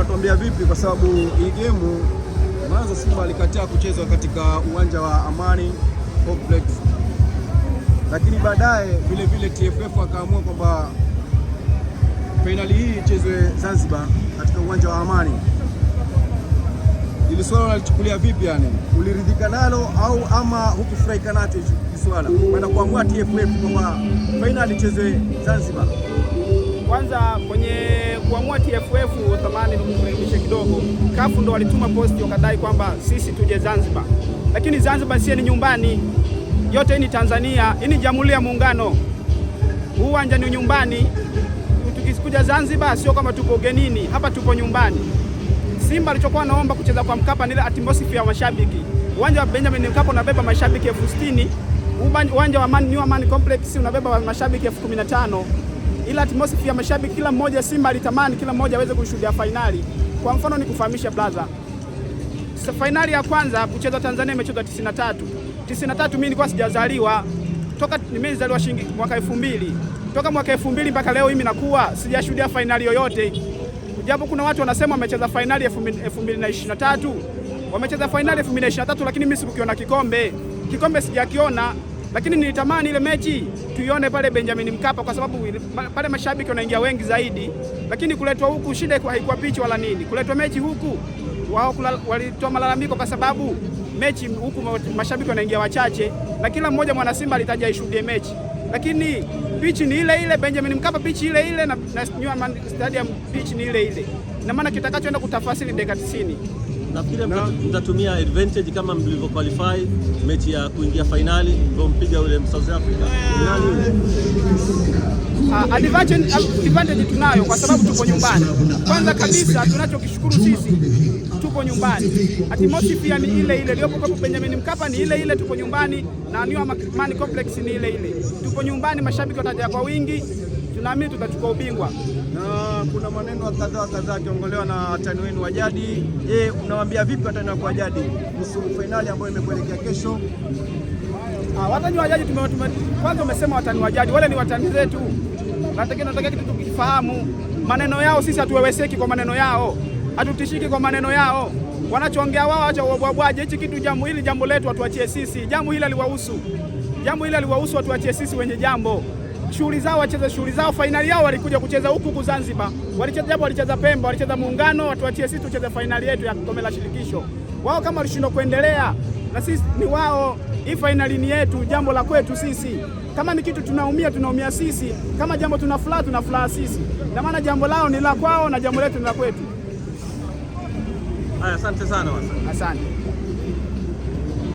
unatuambia vipi, kwa sababu hii game mwanzo Simba alikataa kuchezwa katika uwanja wa Amani Complex, lakini baadaye vile vile TFF akaamua kwamba fainali hii ichezwe Zanzibar katika uwanja wa Amani. Ili swala unalichukulia vipi? Yani uliridhika nalo au ama hukufurahika nacho swala kwenda kuamua TFF kwamba fainali ichezwe Zanzibar? Kwanza kwenye TFF utamani nikurekebisha kidogo, kafu ndo walituma posti wakadai kwamba sisi tuje Zanzibar, lakini Zanzibar sie ni nyumbani, yote ni Tanzania, hii ni Jamhuri ya Muungano, huu uwanja ni nyumbani. Tukikuja Zanzibar sio kama tupo ugenini, hapa tupo nyumbani. Simba alichokuwa naomba kucheza kwa Mkapa ni ile atmosphere ya mashabiki. Uwanja wa Benjamin Mkapa unabeba mashabiki elfu sitini uwanja wa Man, New Complex unabeba mashabiki elfu kumi na tano ila atmosphere ya mashabiki, kila mmoja Simba alitamani kila mmoja aweze kushuhudia fainali. Kwa mfano ni kufahamisha brother, fainali ya kwanza kuchezwa Tanzania imechezwa 93 93, mimi nilikuwa sijazaliwa toka nimezaliwa shingi mwaka 2000 toka mwaka 2000 mpaka leo mimi nakuwa sijashuhudia fainali yoyote, japo kuna watu wanasema wamecheza fainali 2023 wamecheza fainali 2023, lakini mimi sikukiona kikombe, kikombe sijakiona lakini nilitamani ile mechi tuione pale Benjamin Mkapa, kwa sababu pale mashabiki wanaingia wengi zaidi. Lakini kuletwa huku shida haikuwa pichi wala nini, kuletwa mechi huku wao walitoa malalamiko kwa sababu mechi huku mashabiki wanaingia wachache, na kila mmoja mwana Simba alitaja ishuhudie mechi, lakini pichi ni ile ile, Benjamin Mkapa pichi ile ile, na New Amaan Stadium pichi ni ile ile, na maana kitakachoenda kutafasili dakika 90 nafikiri mtatumia advantage kama mlivyo qualify mechi ya kuingia fainali, ndio mpiga yule South Africa. Uh, advantage, tunayo kwa sababu tuko nyumbani. Kwanza kabisa tunachokishukuru sisi tuko nyumbani, atmosphere ni ile ile iliyopo kwa Benjamin Mkapa ni ile ile, tuko nyumbani na New Amaan Complex ni ile ile, tuko nyumbani, mashabiki wataja kwa wingi nami tutachukua ubingwa. Na kuna maneno kadhaa kadhaa akiongolewa na watani wenu wa jadi. Je, unawaambia vipi watani wako wa jadi kuhusu fainali ambayo imekuelekea kesho? Ah, watani wa jadi kwanza, umesema watani wa jadi, wale ni watani zetu, nataka kitu tukifahamu. Maneno yao sisi hatuweweseki kwa maneno yao, hatutishiki kwa maneno yao wanachoongea wao, acha uabwabwaje. Hichi kitu jambo hili, jambo letu, watuachie sisi. Jambo hili aliwahusu, jambo hili aliwahusu, watuachie sisi wenye jambo shughuli zao, wacheze shughuli zao. Fainali yao walikuja kucheza huku huku Zanzibar, walicheza japo walicheza Pemba, walicheza Muungano, watuachie sisi tucheze fainali yetu ya kombe la shirikisho. Wao kama walishindwa kuendelea, na sisi ni wao. Hii fainali ni yetu, jambo la kwetu sisi. Kama ni kitu tunaumia, tunaumia sisi. Kama jambo tuna furaha, tuna furaha sisi, na maana jambo lao ni la kwao na jambo letu ni la kwetu. Asante sana, asante.